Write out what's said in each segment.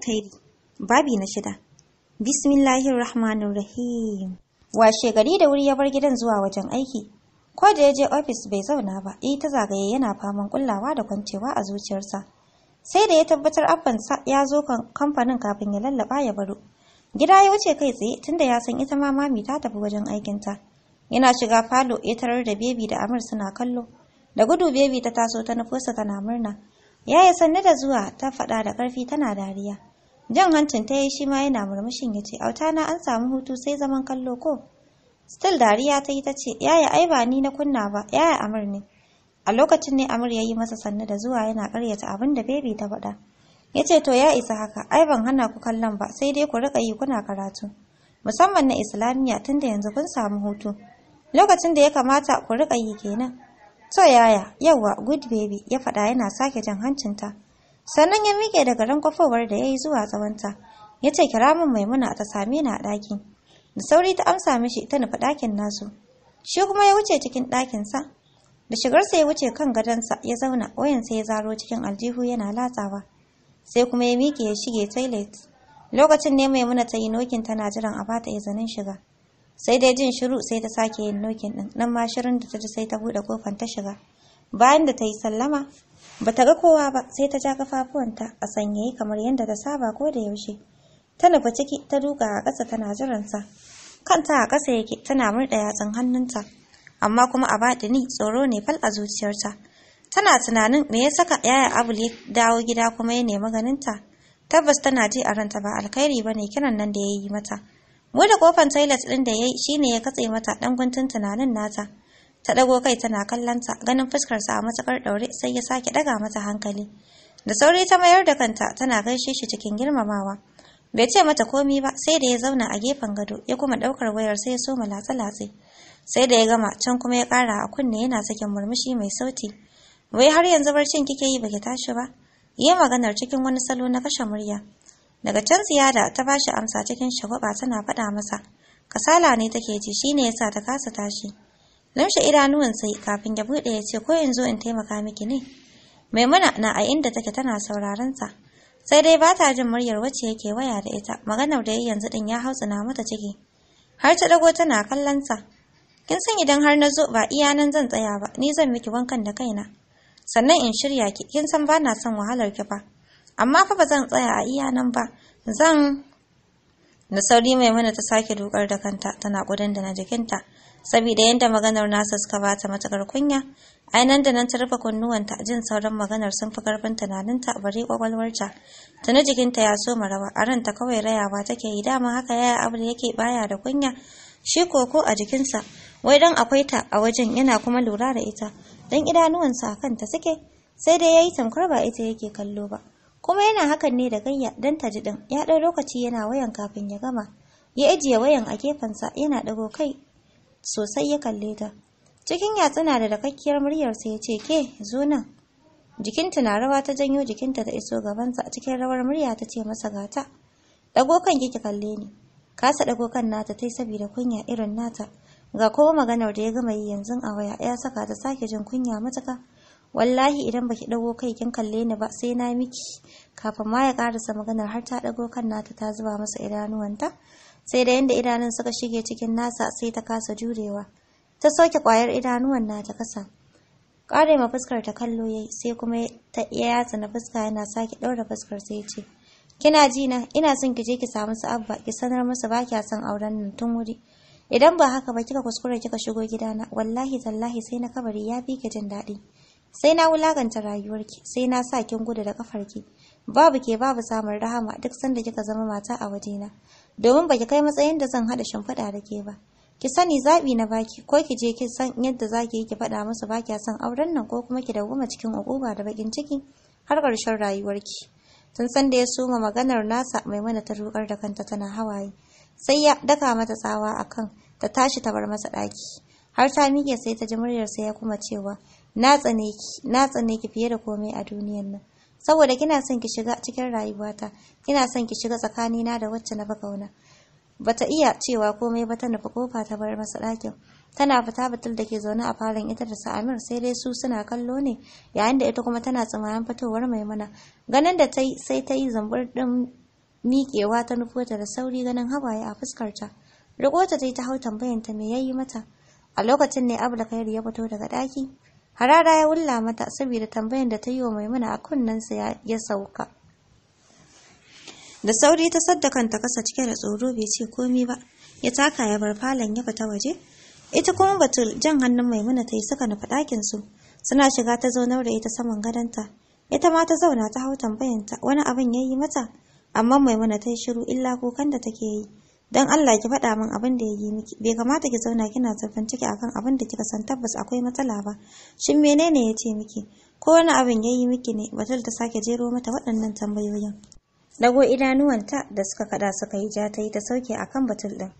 alkhairi babi na shida bismillahir rahmanir rahim washe gari da wuri ya bar gidan zuwa wajen aiki ko da ya je ofis bai zauna ba eh ta zagaye yana faman kullawa da kwancewa a zuciyarsa sai da ya tabbatar abban ya zo kamfanin kafin ya lallaba ya baro gida ya wuce kai tsaye tunda ya san ita ma mami ta tafi wajen aikinta yana shiga falo ya tarar da bebi da amir suna kallo da gudu bebi ta taso ta nufosa tana murna ya yi sanne da zuwa ta faɗa da ƙarfi tana dariya jan hancin ta yi shi ma yana murmushin ya ce auta na an samu hutu sai zaman kallo ko Stil dariya ta yi ta ce yaya ai ba ni na kunna ba yaya amur ne a lokacin ne amur ya yi masa sannu da zuwa yana karyata abin da baby ta faɗa ya ce to ya isa haka ai ban hana ku kallon ba sai dai ku riƙa yi kuna karatu musamman na islamiyya tun da yanzu kun samu hutu lokacin da ya kamata ku riƙa yi kenan to yaya yauwa good baby ya faɗa yana sake jan hancinta sannan ya miƙe daga kwafowar da ya yi zuwa tsawonta ya ce kira min maimuna ta same ni a ɗaki, da sauri ta amsa mishi ta nufi ɗakin nasu shi kuma ya wuce cikin ɗakinsa da shigarsa ya wuce kan gadonsa ya zauna wayan sai ya zaro cikin aljihu yana latsawa sai kuma ya miƙe ya shige toilet lokacin ne maimuna ta yi nokin tana jiran a bata izinin shiga sai dai jin shiru sai ta sake yin nokin ɗin nan ma shirin da ta ji sai ta buɗe kofar ta shiga bayan da ta yi sallama bata ga kowa ba sai ta ja kafafuwanta a sanyaye kamar yadda ta saba ko da yaushe ta nufa ciki ta duka a ƙasa tana jiransa kanta a ƙasa yake tana murɗa yatsun hannunta amma kuma a baɗini tsoro ne fal a zuciyarta tana tunanin me ya saka yaya abul ya dawo gida kuma ya nemi ganinta tabbas tana ji a ranta ba alkhairi ba ne kiran nan da ya yi mata mu da kofan toilet ɗin da ya yi shine ya katse mata ɗan guntun tunanin nata ta ɗago kai tana kallonta ganin fuskarsa a matsakar ɗaure sai ya sake ɗaga mata hankali da sauri ta mayar da kanta tana gaishe shi cikin girmamawa bai ce mata komi ba sai da ya zauna a gefen gado ya kuma ɗaukar wayar sai ya soma latsa latse sai da ya gama can kuma ya ƙara a kunne yana sakin murmushi mai sauti wai har yanzu barcin kike yi baki tashi ba yi maganar cikin wani salo na kashe murya daga can ziyada ta bashi amsa cikin shagwaba tana faɗa masa kasala ne take ji shine yasa ta kasa tashi Lamshe idanuwan sai kafin ya bude ya ce ko yanzu in taimaka miki ne. Maimuna na a inda take tana sauraron sa. Sai dai ba ta jin muryar wacce yake waya da ita. Maganar da yanzu din ya hautsina mata ciki. Har ta dago tana kallon sa. Kin san idan har na zo ba iya nan zan tsaya ba, ni zan miki wankan da kaina. Sannan in shirya ki, kin san ba na son wahalar ki fa. Amma fa ba zan tsaya a iya nan ba. Zan Na sauri Maimuna ta sake dukar da kanta tana gudan da na jikinta. saboda yadda maganar nasa suka bata matakar kunya ai nan da nan ta rufe kunnuwanta jin sauran maganar sun fi karfin tunaninta bari kwakwalwarta tuni jikinta ya so rawa a ranta kawai rayawa take yi dama haka yaya abin yake baya da kunya shi koko a jikinsa wai dan akwai ta a wajen yana kuma lura da ita dan idanuwansa a kanta suke sai dai yayi tamkar ba ita yake kallo ba kuma yana hakan ne da gayya dan ta ji din ya dau lokaci yana wayan kafin ya gama ya ajiye wayan a gefensa yana dago kai sosai ya kalle ta. Cikin yatsuna da dakakkiyar muryarsa ya ce, Ke, zo nan. Jikinta na rawa ta janyo jikinta ta iso gabansa a cikin rawar murya ta ce masa gata. Dago kan ki kalle ni. Kasa dago kan nata tai saboda kunya irin nata. Ga kuma maganar da ya gama yi yanzu a waya ya saka ta sake jin kunya matuka. Wallahi idan baki dago kai kin kalle ni ba sai na miki. Kafin ma ya karasa maganar har ta dago kan nata ta zuba masa idanuwanta. sai da yadda idanun suka shige cikin nasa sai ta kasa jurewa ta soke kwayar idanuwan na ta kasa Kare ma fuskar ta kallo yayi sai kuma ta iya yatsa na fuska yana sake ɗaura fuskar sai ya ce kina ji na ina son ki je ki samu su abba ki sanar musu ba kya son auren nan tun wuri idan ba haka ba kika kuskura kika shigo gidana wallahi tallahi sai na kabari ya fi ki jin daɗi sai na wulaganta rayuwarki sai na sa kin gudu da kafarki babu ke babu samun rahama duk sanda kika zama mata a wajena domin baki kai matsayin da zan haɗa shimfiɗa da ke ba. Ki sani zaɓi na baki ko ki je ki san yadda zaki yi ki faɗa musu ba kya son auren nan ko kuma ki dawoma cikin uquba da bakin ciki har ƙarshen rayuwarki. Tun san da ya suma maganar nasa Maimuna ta rukar da kanta tana hawaye. Sai ya daka mata tsawa akan ta tashi ta bar masa ɗaki. Har ta mike sai ta ji muryarsa ya kuma cewa na tsane ki na tsane ki fiye da komai a duniyar nan. saboda kina son ki shiga cikin rayuwata kina son ki shiga tsakanina da wacce na bakauna bata iya cewa komai ba ta nufi kofa ta bar masa ɗakin tana fita batul da ke zaune a falon ita da sa'amir sai dai su suna kallo ne yayin da ita kuma tana tsimayen fitowar maimuna ganin da ta sai ta yi zambur ɗin miƙewa ta nufo ta da sauri ganin hawaye a fuskarta riko ta ta hau tambayanta me me yayi mata a lokacin ne abul ya fito daga ɗaki Harara ya wulla mata saboda tambayan da ta yi wa Maimuna a sa ya sauka. Da sauri ta sadda kanta kasa cike da tsoro bai ce komi ba, ya taka ya bar falon ya fita waje. Ita kuma Batul jan hannun Maimuna ta yi suka nufi ɗakin su, suna shiga ta zaunar da ita saman gadonta. Ita ma ta zauna ta hau tambayanta wani abin ya yi mata, amma Maimuna ta yi shiru illa kukan da take yi. don Allah ki faɗa min abin da ya yi miki bai kamata ki zauna kina zurfin ciki akan abin da kika san tabbas akwai matsala ba shin menene ya ce miki ko wani abin ya yi miki ne batul ta sake jero mata waɗannan tambayoyin dago idanuwanta da suka kada suka yi ja ta yi ta sauke akan batul din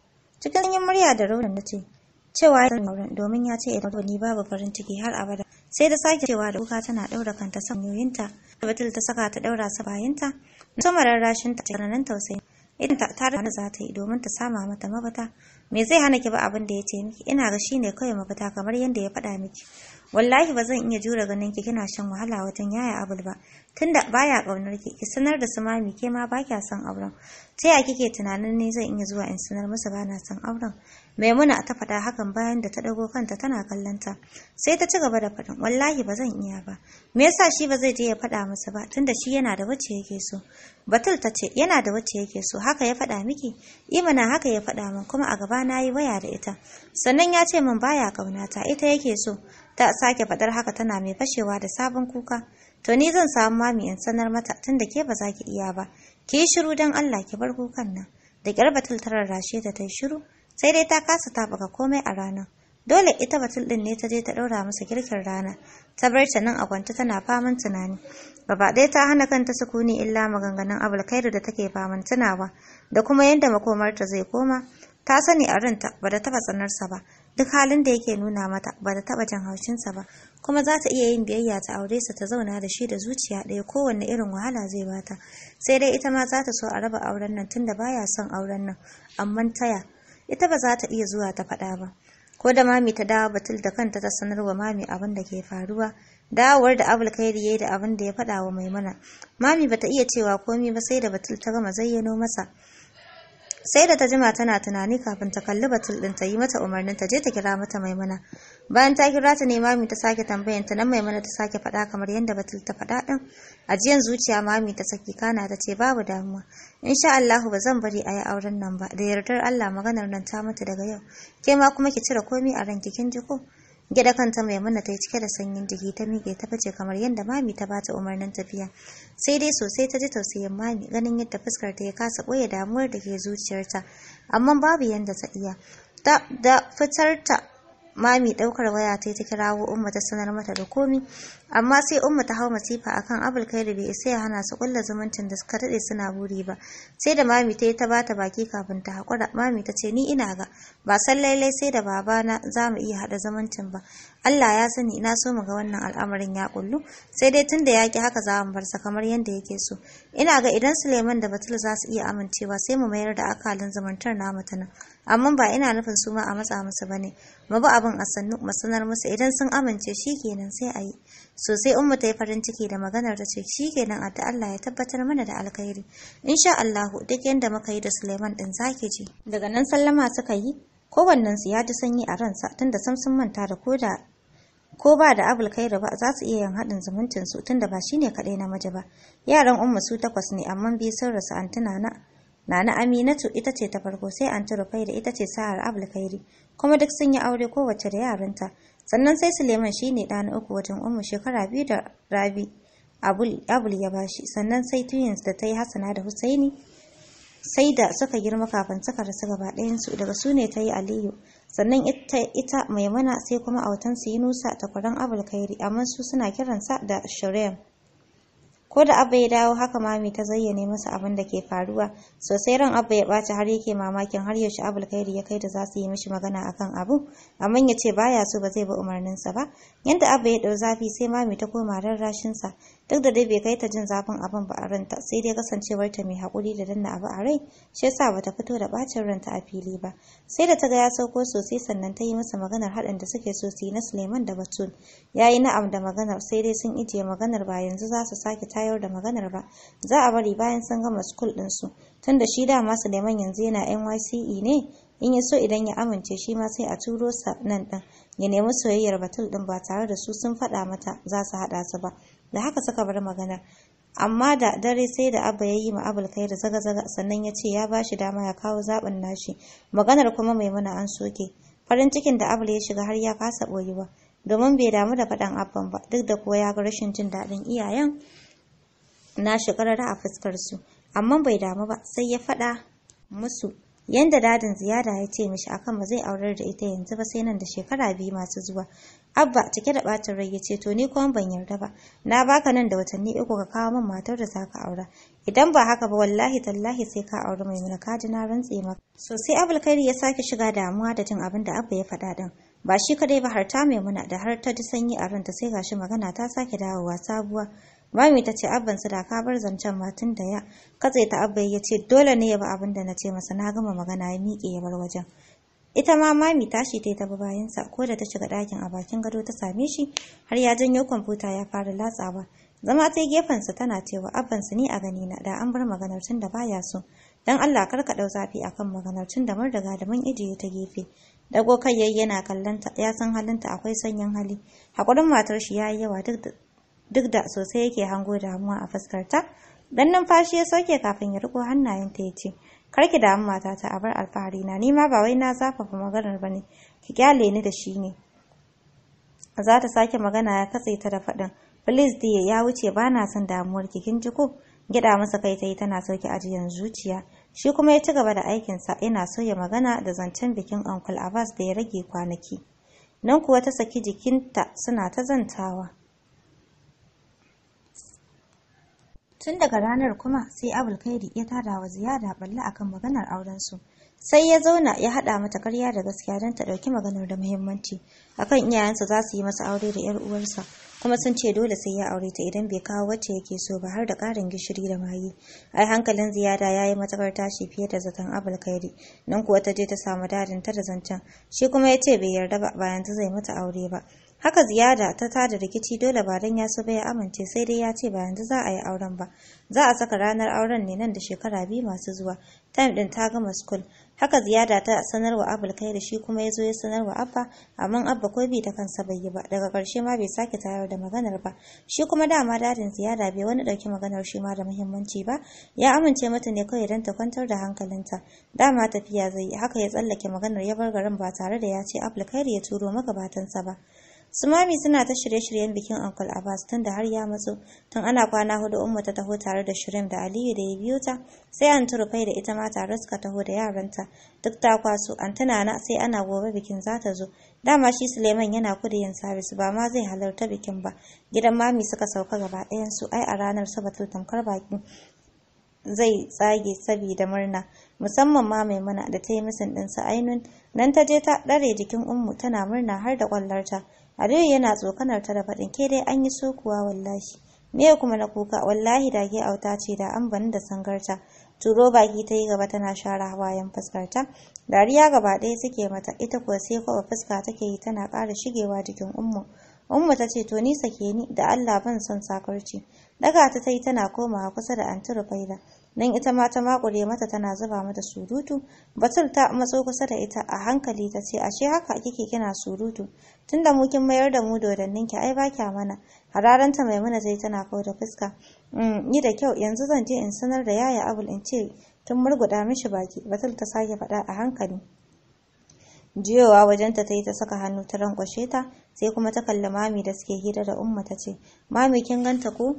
cikin yin murya da raunin na ce cewa ya auren domin ya ce idan ni babu farin ciki har abada sai ta sake cewa da kuka tana ɗaura kanta sanyoyinta batul ta saka ta ɗaura sa bayanta na sama rarrashin ta tsananin tausayi idan ta tare da za ta yi domin ta sama mata mafita me zai hana ki ba abin da ya ce miki ina ga shine kawai mafita kamar yadda ya faɗa miki wallahi ba zan iya jure ganin ki kina shan wahala wajen yaya abul ba tunda baya kaunar ki ki sanar da su mami ke ma baki son auren ta ya kike tunanin ne zan iya zuwa in sanar masa bana son auren maimuna ta faɗa hakan bayan da ta dago kanta tana kallonta sai ta ci gaba da faɗin wallahi ba zan iya ba me yasa shi ba zai je ya faɗa masa ba tunda shi yana da wacce yake so batul ta ce yana da wacce yake so haka ya faɗa miki imana haka ya faɗa min kuma a gaba na yi waya da ita sannan ya ce min baya kaunata ita yake so ta sake faɗar haka tana mai fashewa da sabon kuka To ni zan samu mami in sanar mata tun da ke ba za ki iya ba. Ki yi shiru don Allah ki bar kukan nan. Da kyar batul ta rarrashe ta ta yi shiru, sai dai ta kasa ta ga komai a ranar. Dole ita batul ɗin ne ta je ta ɗaura masa girkin rana, ta bar ta nan a kwance tana faman tunani. Gaba ɗaya ta hana kanta sukuni illa maganganun abulkairu da take faman tunawa, da kuma yadda makomarta zai koma. Ta sani a ranta ba da taɓa tsanarsa ba, duk halin da yake nuna mata ba da taɓa jin haushinsa ba, kuma za ta iya yin biyayya ta aure sa ta zauna da shi da zuciya ɗaya kowanne irin wahala zai bata sai dai ita ma za ta so a raba auren nan tunda baya son auren nan amma taya ita ba za ta iya zuwa ta faɗa ba ko da mami ta dawo batul da kanta ta sanar wa mami abin da ke faruwa dawowar da abul kairi yayi da abin da ya faɗa wa maimuna mami bata iya cewa komi ba sai da batul ta gama zayyano masa sai da ta jima tana tunani kafin ta kalli batul ɗin ta yi mata umarnin ta je ta kira mata maimuna bayan ta kira ta ne mami ta sake tambayan ta nan maimuna ta sake faɗa kamar yadda batul ta faɗa din ajiyan zuciya mami ta saki kana ta ce babu damuwa insha Allahu ba zan bari a yi auren nan ba da yardar Allah maganar nan ta mata daga yau ke ma kuma ki cire komai a ranki kin ji ko gida kanta maimuna ta yi cike da sanyin jiki ta mike ta fice kamar yadda mami ta bata umarnin tafiya sai dai sosai ta ji tausayin mami ganin yadda fuskar ta ya kasa ɓoye damuwar da ke zuciyarta amma babu yadda ta iya da fitar ta Mami ɗaukar waya ta ta kirawo Umma ta sanar mata da komi. amma sai umma ta hau masifa akan abul kairu bai isa ya hana su kulla zumuncin da suka daɗe suna buri ba sai da mami ta yi ta bata baki kafin ta hakura mami ta ce ni ina ga ba san lailai sai da babana za mu iya hada zumuncin ba Allah ya sani ina so mu ga wannan al'amarin ya kullu sai dai tunda ya ki haka za mu bar sa kamar yadda yake so ina ga idan Suleiman da Batul za su iya amincewa sai mu mayar da akalin zumuntar namu ta nan amma ba ina nufin su ma a matsa musu bane mu bi abin a sannu mu sanar musu idan sun amince shikenan sai a yi sosai ummu ta yi farin ciki da maganar ta ce shi kenan adda Allah ya tabbatar mana da alkhairi insha Allahu duk yadda muka yi da Suleiman din zaki ji daga nan sallama suka yi kowannen su ya ji sanyi a ransa tunda sam sun manta da koda ko ba da abul ba za su iya yin haɗin zumuncin su tunda ba shine kaɗai na maji ba yaran ummu su takwas ne amma biyu sun rasu antuna na Nana Aminatu ita ce ta farko sai Anti Rufai da ita ce sa'ar Abulkairi kuma duk sun yi aure kowace da yaranta sannan sai suleiman shine ne uku wajen ummu shekara biyu da rabi abul ya bashi sannan sai twins da ta yi hassana da husaini sai da suka girma kafin suka rasu gaba ɗayansu daga su ne ta yi aliyu sannan ita, ita maimuna sai kuma nusa ta takwaran abul kairi amma su suna kiransa da shirem ko da abba ya dawo haka mami ta zayyane masa abin da ke faruwa sosai ran abba ya ɓaci har yake mamakin har yaushe abul kairi ya kai da za su yi mishi magana a kan abu amma ya ce baya so ba zai bi umarninsa ba yanda abba ya ɗau zafi sai mami ta koma rarrashinsa duk da dai bai kai ta jin zafin abin ba a ranta sai dai kasancewar ta mai haƙuri da danna abu a rai shi yasa bata fito da bacin ranta a fili ba sai da ta ga ya sauko sosai sannan ta yi masa maganar haɗin da suke so su yi na Suleiman da Batul ya yi na'am da maganar sai dai sun ijiye maganar ba yanzu za su sake tayar da maganar ba za a bari bayan sun gama school ɗinsu tunda shi dama Suleiman yanzu yana NYCE ne in ya so idan ya amince shi ma sai a turo sa nan din ya nemi soyayyar batul ɗin ba tare da su sun faɗa mata za su haɗa su ba da haka suka bar magana amma da dare sai da abba ya yi ma'abul kai da zaga-zaga sannan ya ce ya ba shi dama ya kawo zaɓin nashi maganar kuma mai mana an soke farin cikin da abul ya shiga har ya kasa ɓoyewa domin bai damu da faɗan abban ba duk da kuwa ya ga rashin jin daɗin iyayen nashi shi a fuskarsu amma bai damu ba sai ya faɗa musu Yanda dadin ziyara ya ce mishi akan ba zai aurar da ita yanzu ba sai nan da shekara biyu masu zuwa. Abba cike da ɓacin rai ya ce to ni kuma ban yarda ba. Na baka nan da watanni uku ka kawo min matar da za ka aura. Idan ba haka ba wallahi tallahi sai ka auri mai kaji na rantse maka. So sai Abulkairi ya sake shiga damuwa da jin abin da Abba ya faɗa din. Ba shi kadai ba har ta maimuna da har ta ji sanyi a ranta sai gashi magana ta sake dawowa sabuwa. Mami ta ce abban su da ka bar zancen matun da ya katse ta abba ya ce dole ne ya ba abin da na ce masa na gama magana ya miƙe ya bar wajen. Ita ma mami tashi ta yi ta bayansa ko da ta shiga ɗakin a bakin gado ta same shi har ya janyo kwamfuta ya fara latsawa. Zama ta gefensa tana cewa su ni a gani na da an bar maganar tun da baya so. Dan Allah kar ka ɗau zafi akan maganar tun da mun riga da mun ijiye ta gefe. Dago kai yayi yana ya san halinta akwai sanyin hali. Hakurin matar shi yayi yawa duk da. duk da sosai yake hango damuwa a fuskarta dan numfashi ya sauke kafin ya riko hannayenta ya ce karki damu matata a bar alfahari na nima ba wai na zafafa maganar ba ne. ki kyale ni da shi ne za ta sake magana ya katse ta da faɗin please dear ya wuce ba na son damuwar ki kin ji ko gida masa kai ta yi tana sauke ajiyar zuciya shi kuma ya ci gaba da aikinsa yana ya magana da zancen bikin uncle abbas da ya rage kwanaki nan kuwa ta saki jikinta suna ta zantawa Tun daga ranar kuma sai abul-kairi ya tara wa ziyara balla akan maganar aurensu. Sai ya zauna ya haɗa mata karya da gaskiya don ta ɗauki maganar da muhimmanci. Akan iyayensa za su yi masa aure da 'yar uwarsa, kuma sun ce dole sai ya aure ta idan bai kawo wacce yake so ba har da ƙarin gishiri da mayi ai hankalin ziyara ya yi matakar tashi fiye da zaton abul-kairi nan kuwa ta je ta samu dadin ta da zancen shi kuma ya ce bai yarda ba bayan ta zai mata aure ba haka ziyada ta tada rikici dole ba ya so ba ya amince sai dai ya ce ba yanzu za a yi auren ba za a saka ranar auren ne nan da shekara biyu masu zuwa time din ta gama school haka ziyada ta sanarwa abul kai da shi kuma ya zo ya sanarwa abba amma abba ko biyu ta kansa bai yi ba daga karshe ma bai sake tayar da maganar ba shi kuma dama dadin ziyada bai wani dauki maganar shi ma da muhimmanci ba ya amince mata ne kawai don ta kwantar da hankalinta dama tafiya zai haka ya tsallake maganar ya bar garin ba tare da ya ce abul kai ya turo magabatansa ba su mami suna ta shirye-shiryen bikin Uncle Abbas tun da har ya matso, tun ana kwana hudu Umma ta taho tare da Shirim da Aliyu da ya biyo ta, sai an turfai da ita ma tare suka taho da yaranta, duk ta kwaso an tana na sai ana gobe bikin za ta zo. Dama shi Suleiman yana yin sabis ba ma zai halarta bikin ba, gidan mami suka sauka gaba ɗayan su ai a ranar sabatu tamkar baki zai tsage saboda murna musamman ma mai mana da ta yi misin ɗinsa ainun nan ta je ta ɗare jikin ummu tana murna har da ƙwallarta Aliyu yana tsokanar ta da faɗin ke dai an yi so wallahi. Me kuma na kuka wallahi da ke auta ce da an bani da sangarta. Turo baki ta yi gaba tana share hawayen fuskarta. Dariya gaba ɗaya suke mata ita kuwa sai kwaba fuska take yi tana ƙara shigewa jikin ummu. Ummu ta ce to ni sake ni da Allah ban son sakarci. Daga ta ta yi tana komawa kusa da anti Rufaida. nan ita ma ta makure mata tana zuba mata surutu batul ta matso kusa da ita a hankali ta ce ashe haka kike kina surutu tunda mu kin mayar da mu dodannin ki ai ba kya mana hararanta maimuna zai tana kawo da fuska mm ni da kyau yanzu zan je in sanar da yaya abul in ce tun murguda mishi baki batul ta sake faɗa a hankali jiyowa wajenta ta yi ta saka hannu ta rankwashe ta sai kuma ta kalli mami da suke hira da umma ta ce mami kin ganta ko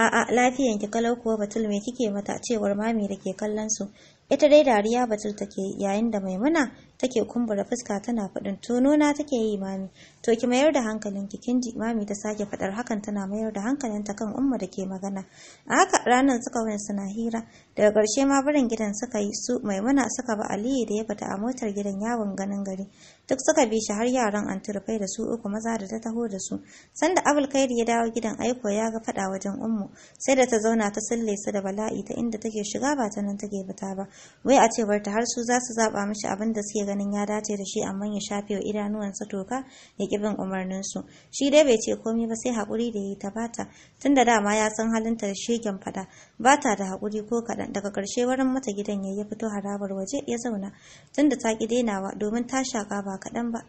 A'a lafiyan ki kalau kuwa Batul me kike mata cewar mami da ke kallon su. Ita dai dariya Batul take yayin da Maimuna take kumbura fuska tana fadin tono na take yi mami to ki mayar da hankalin ki kinji mami ta sake fadar hakan tana mayar da hankalin ta kan umma da ke magana a haka ranar suka wani suna hira daga karshe ma barin gidan suka yi su maimuna suka ba aliyu da ya fita a motar gidan yawon ganin gari duk suka bi shi har yaran an turfai da su uku maza da ta taho da su sanda abul kairi ya dawo gidan aiko ya ga fada wajen ummu sai da ta zauna ta sulle su da bala'i ta inda take shiga ba ta nan take fita ba wai a cewar ta har su za su zaba mishi abin da suke ganin ya dace da shi amma ya shafe wa idanuwansa toka ya ƙi bin umarninsu shi dai bai ce komai ba sai haƙuri da ya yi ta bata tun da dama ya san halinta da shegen fada bata da haƙuri ko kaɗan daga ƙarshe warin mata gidan ya ya fito harabar waje ya zauna tun da ta ƙi dainawa domin ta shaƙa ba kaɗan ba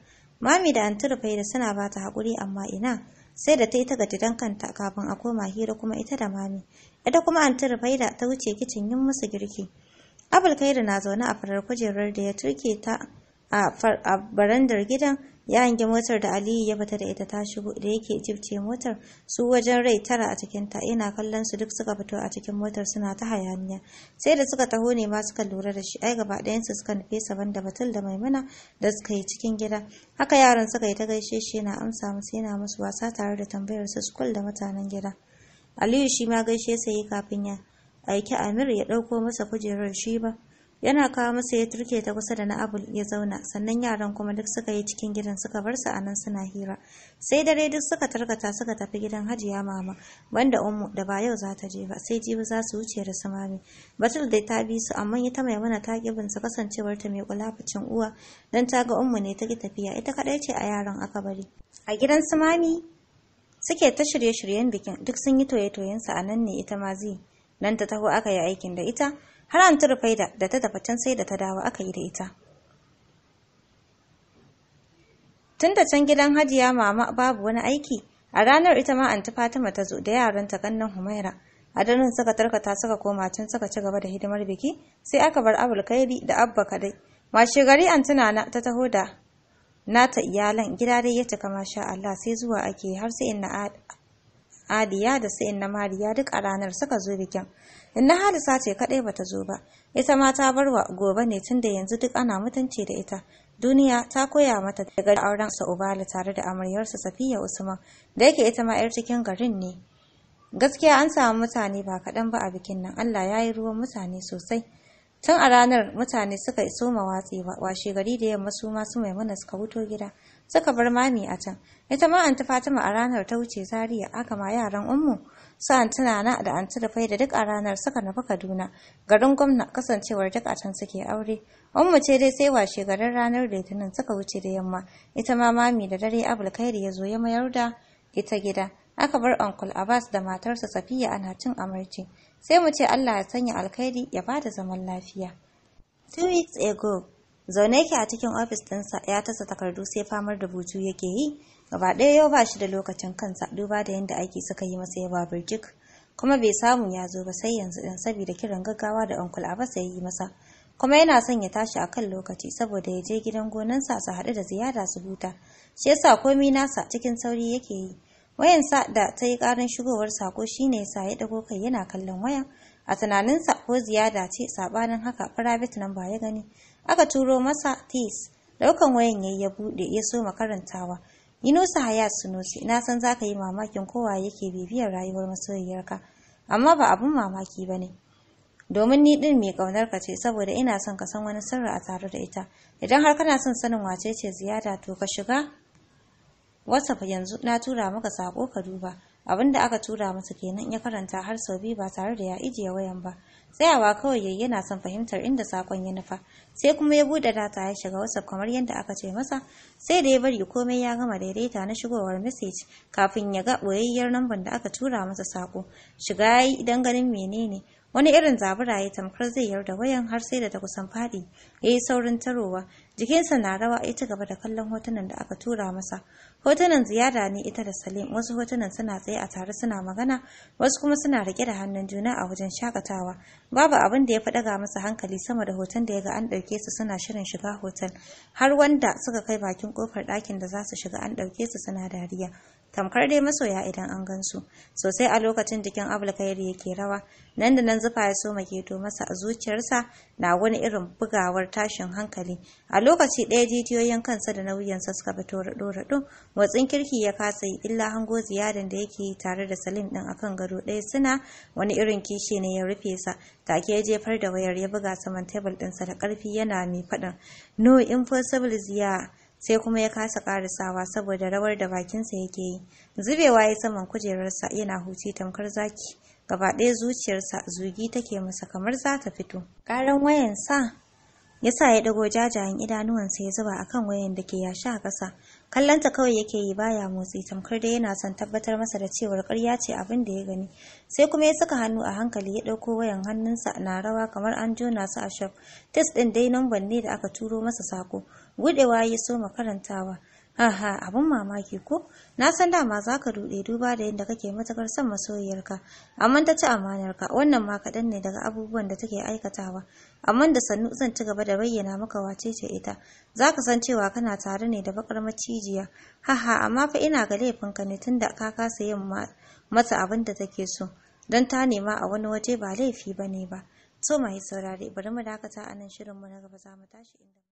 mami da antirfai da suna bata haƙuri amma ina sai da ta yi ta gajidan kanta kafin a koma hira kuma ita da mami ita kuma antirfai da ta wuce kicin yin musu girki kaira na zaune a farar kujerar da ya turke ta a barandar gidan ya yanke motar da aliyu ya fita da ita ta shigo da yake jibce motar su wajen rai tara a cikinta yana kallon su duk suka fito a cikin motar suna ta hayaniya sai da suka taho ne ma suka lura da shi ai gaba ɗayansu suka nufe saban da batul da maimuna da suka yi cikin gida haka yaran suka yi ta gaishe shi yana amsa musu yana musu wasa tare da tambayar su skul da mutanen gida aliyu shi ma gaishe sai kafin ya aiki Amir ya ɗauko masa kujerar shi ba. Yana kawo masa ya turke ta kusa da na Abul ya zauna, sannan yaran kuma duk suka yi cikin gidan suka bar su a suna hira. Sai dare duk suka tarkata suka tafi gidan Hajiya Mama, banda Ummu da ba yau za ta je ba, sai jibi za su wuce da samami. Batul da ta bi su amma ita mai mana ta kibin su kasancewar ta mai kulafacin uwa, dan ta ga Ummu ne ta ki tafiya, ita kadai ce a yaran aka bari. A gidan samami suke ta shirye-shiryen bikin, duk sun yi toye-toyensa a nan ne ita ma zai. nan ta taho aka yi aikin da ita har an turfaida da ta tafi can sai da ta dawo aka yi da ita tun da can gidan hajiya mama babu wani aiki a ranar ita ma anti fatima ta zo da yaranta kannan humaira a daren suka tarkata suka koma can suka ci gaba da hidimar biki sai aka bar abul kairi da abba kadai mashi gari an na ta taho da nata iyalan gida dai ya cika masha Allah sai zuwa ake har sai inna Adiya da su inna Mariya duk a ranar suka zo bikin. Inna Halisa ce kaɗai bata zo ba, ita ma ta barwa gobe ne tunda yanzu duk ana mutunci da ita. Duniya ta koya mata daga auren sa Ubali tare da amaryarsa Safiya Usman, da yake ita ma 'yar cikin garin ne. Gaskiya an samu mutane ba kaɗan ba a bikin nan, Allah ya yi ruwan mutane sosai. Tun a ranar mutane suka iso watsi washe gari da yamma su masu maimuna suka wuto gida. suka bar mami a can ita ma anti fatima a ranar ta wuce zaria aka ma yaran ummu su anti nana da anti rufai da duk a ranar suka nufi kaduna garin gwamna kasancewar duk a can suke aure ummu ce dai sai washe garin ranar litinin suka wuce da yamma ita ma mami da dare kairi ya zo ya mayar da ita gida aka bar uncle abbas da matarsa safiya ana cin amarci sai mu ce allah ya sanya alkhairi ya bada zaman lafiya two weeks ago zaune yake a cikin ofis ɗinsa ya tasa takardu sai famar da butu yake yi gaba ɗaya yau ba shi da lokacin kansa duba da yadda aiki suka yi masa yawa birjik kuma bai samu ya zo ba sai yanzu ɗin saboda kiran gaggawa da onkul abasa ya yi masa kuma yana son ya tashi a kan lokaci saboda ya je gidan gonansa su haɗu da ziyara su huta shi yasa komi nasa cikin sauri yake yi Wayansa da ta yi ƙarin shigowar sako shine ya sa ya ɗago kai yana kallon wayan. A tunaninsa ko ziyada ce saɓanin haka private number ya gani. Aka turo masa tis. Daukan wayan yayi ya buɗe ya so makarantawa karantawa. Yunusa haya Sunusi, na san za ka yi mamakin kowa yake bibiyar rayuwar masoyiyarka, amma ba abun mamaki ba ne. Domin ni ɗin mai ƙaunarka ce saboda ina son ka san wani sirri a tare da ita. Idan har kana son sanin wace ce ziyada to ka shiga WhatsApp yanzu na tura maka sako ka duba. Abin da aka tura masa kenan ya karanta har sau biyu ba tare da ya ijiye wayan ba. Tsayawa kawai yayi yana son fahimtar inda sakon ya nufa. Sai kuma ya buɗe data ya shiga WhatsApp kamar yadda aka ce masa, sai da ya bari komai ya gama daidaita na shigowar message kafin ya ga boyayyar lambar da aka tura masa sako. Shiga yayi idan ganin menene. wani irin zabura tamkar zai yarda wayan har sai da ta kusan faɗi ya yi saurin tarowa jikinsa na rawa ya ci gaba da kallon hotunan da aka tura masa hotunan ziyara ne ita da salim wasu hotunan suna tsaye a tare suna magana wasu kuma suna rike da hannun juna a wajen shakatawa babu abin da ya fi ɗaga masa hankali sama da hoton da ya ga an ɗauke su suna shirin shiga hotel har wanda suka kai bakin kofar ɗakin da za su shiga an ɗauke su suna dariya tamkar dai masoya idan an gansu sosai a lokacin jikin abulkairi yake rawa nan da nan zufa ya so to masa a zuciyarsa na wani irin bugawar tashin hankali a lokaci ɗaya jijiyoyin kansa da nauyin suka fito raɗo raɗo motsin kirki ya kasa yi illa hango ziyarin da yake tare da salim ɗin akan gado ɗaya suna wani irin kishi ne ya rufe sa take ya jefar da wayar ya buga saman tebul ɗinsa da ƙarfi yana mai faɗin no impossible ziya sai kuma ya kasa karisawa saboda rawar da bakinsa yake yi zubewa ya saman kujerarsa yana huci tamkar zaki gaba ɗaya zuciyarsa zugi take masa kamar za ta fito ƙaran wayansa ya sa ya ɗago jajayen idanuwansa ya zuba akan wayan da ke yashi a ƙasa kallanta kawai yake yi baya motsi tamkar da yana son tabbatar masa da cewar ƙarya ce abin da ya gani sai kuma ya saka hannu a hankali ya ɗauko wayan hannunsa na rawa kamar an jona su a shaf tes ɗin dai namban ne da aka turo masa sako buɗewa ya soma karantawa Aha, abin mamaki ko? Na san dama za ka ruɗe duba da yadda kake matakar son masoyiyarka, amma ta ci amanarka, wannan ma kaɗan ne daga abubuwan da take aikatawa. Amma da sannu zan ci gaba da bayyana maka wace ce ita, za ka san cewa kana tare ne da bakar macijiya. Haha, amma fa ina ga laifinka ne tunda ka kasa yin mata abin da take so, don ta nema a wani waje ba laifi ba ne ba. So mai saurare, bari mu dakata a nan shirinmu na gaba za mu tashi inda.